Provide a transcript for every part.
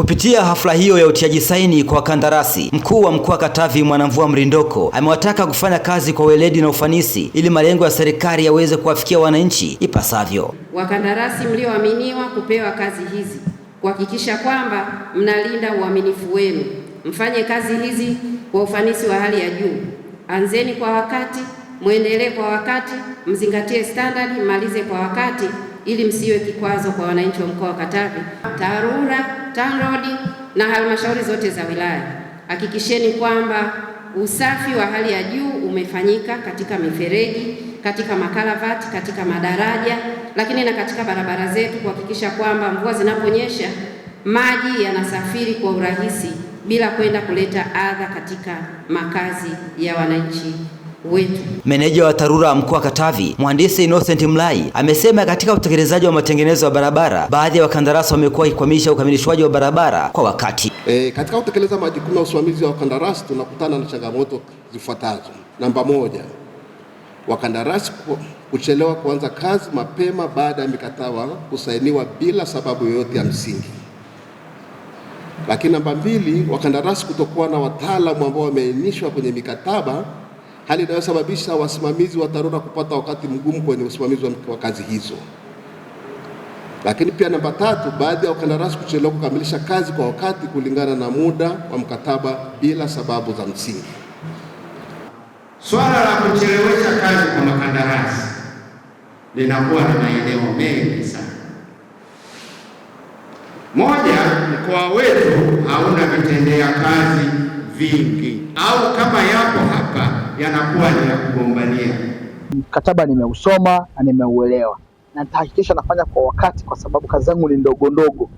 Kupitia hafla hiyo ya utiaji saini kwa kandarasi, mkuu wa mkoa wa Katavi Mwanamvua Mrindoko amewataka kufanya kazi kwa weledi na ufanisi ili malengo ya serikali yaweze kuwafikia wananchi ipasavyo. Wakandarasi mlioaminiwa kupewa kazi hizi, kuhakikisha kwamba mnalinda uaminifu wenu, mfanye kazi hizi kwa ufanisi wa hali ya juu, anzeni kwa wakati mwendelee kwa wakati, mzingatie standard, mmalize kwa wakati ili msiwe kikwazo kwa wananchi wa mkoa wa Katavi. TARURA, TANROADS na halmashauri zote za wilaya, hakikisheni kwamba usafi wa hali ya juu umefanyika katika mifereji, katika makalavati, katika madaraja, lakini na katika barabara zetu, kuhakikisha kwamba mvua zinaponyesha maji yanasafiri kwa urahisi bila kwenda kuleta adha katika makazi ya wananchi wetu. Meneja wa TARURA mkoa wa Katavi, Mhandisi Innocent Mlai, amesema katika utekelezaji wa matengenezo ya barabara, baadhi ya wakandarasi wamekuwa wakikwamisha ukamilishwaji wa barabara kwa wakati. E, katika kutekeleza majukumu ya usimamizi wa wakandarasi tunakutana na changamoto zifuatazo. Namba moja, wakandarasi kuchelewa kuanza kazi mapema baada ya mikataba kusainiwa bila sababu yoyote ya msingi. Lakini namba mbili, wakandarasi kutokuwa na wataalamu ambao wameainishwa kwenye mikataba hali inayosababisha wasimamizi wa TARURA kupata wakati mgumu kwenye usimamizi wa kazi hizo. Lakini pia namba tatu, baadhi ya wakandarasi kuchelewa kukamilisha kazi kwa wakati kulingana na muda wa mkataba bila sababu za msingi. Swala la kuchelewesha kazi kwa makandarasi linakuwa na maeneo mengi sana. Moja, mkoa wetu hauna vitendea kazi vingi, au kama yapo hapa yanakuwa ni ya kugombania. Mkataba nimeusoma na nimeuelewa na nitahakikisha nafanya kwa wakati, kwa sababu kazi zangu ni ndogo ndogo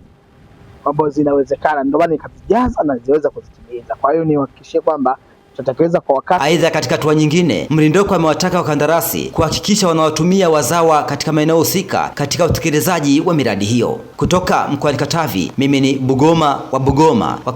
ambazo zinawezekana, ndio maana nikazijaza na ziweza kuzitimiza. Kwa hiyo nihakikishie kwamba tutatekeleza kwa wakati. Aidha, katika hatua nyingine, Mlindoko amewataka wakandarasi kuhakikisha wanawatumia wazawa katika maeneo husika katika utekelezaji wa miradi hiyo. Kutoka mkoani Katavi, mimi ni Bugoma wa Bugoma wa